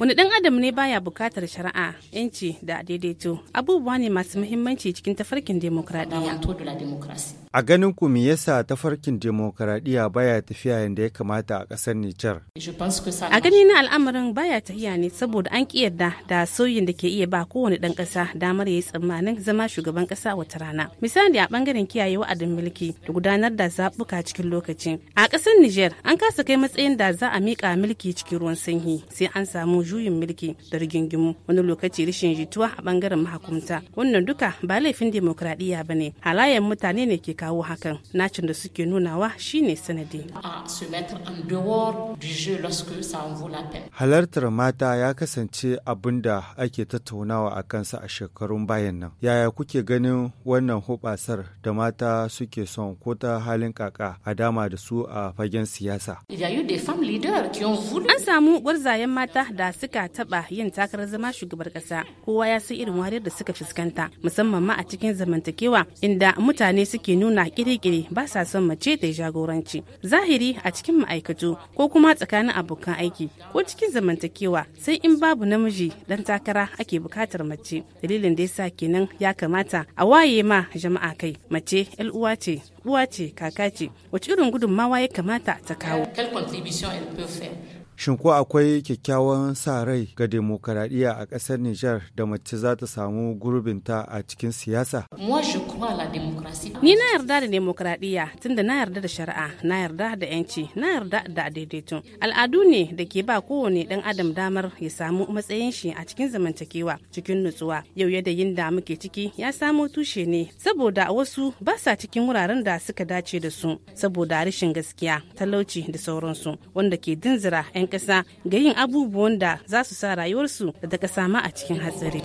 Wani ɗan adam ne baya bukatar shari'a, 'yanci da daidaito abubuwa ne masu muhimmanci cikin tafarkin demokradiyya. A ganin ku me yasa tafarkin demokradiyya baya tafiya yadda ya kamata a ƙasar Nijar? A gani na al'amarin baya tafiya ne saboda an kiyarda da sauyin da ke iya ba kowane ɗan ƙasa damar ya yi tsammanin zama shugaban ƙasa wata rana. Misali a ɓangaren kiyaye wa'adin mulki da gudanar da zaɓuka cikin lokaci. A ƙasar Nijar an kasa kai matsayin da za a miƙa mulki cikin ruwan sanyi sai an samu juyin mulki da rigingimu wani lokaci rashin jituwa a bangaren mahakumta wannan duka ba laifin demokradiyya ba ne halayen mutane ne ke kawo hakan nacin da suke nunawa shine sanadi halartar mata ya kasance abin da ake tattaunawa a kansa a shekarun bayan nan yaya kuke ganin wannan hubasar da mata suke son ko ta halin kaka a dama da su a fagen siyasa an samu gwarzayen mata da suka taba yin takarar zama shugabar kasa kowa ya san irin wariyar da suka fuskanta musamman ma a cikin zamantakewa inda mutane suke nuna kirikiri ba sa son mace ta jagoranci zahiri a cikin ma'aikatu ko kuma tsakanin abokan aiki ko cikin zamantakewa sai in babu namiji dan takara ake bukatar mace dalilin da yasa kenan ya kamata a waye ma jama'a kai mace yar uwa ce uwa ce kaka ce wace irin gudunmawa ya kamata ta kawo Shin ko akwai kyakkyawan sa rai ga demokaradiyya a ƙasar Nijar da mace za ta samu gurbinta a cikin siyasa? Ni na yarda da demokaradiyya tunda na yarda da shari'a, na yarda da yanci, na yarda da daidaito. Al'adu ne da ke ba kowane ɗan adam damar ya samu matsayin shi a cikin zamantakewa cikin nutsuwa. Yau yadda yin da muke ciki ya samo tushe ne saboda wasu ba sa cikin wuraren da suka dace da su saboda rashin gaskiya, talauci da sauransu wanda ke dinzira 'yan 'yan ƙasa ga yin abubuwan da za su sa rayuwarsu da ta sama a cikin hatsari.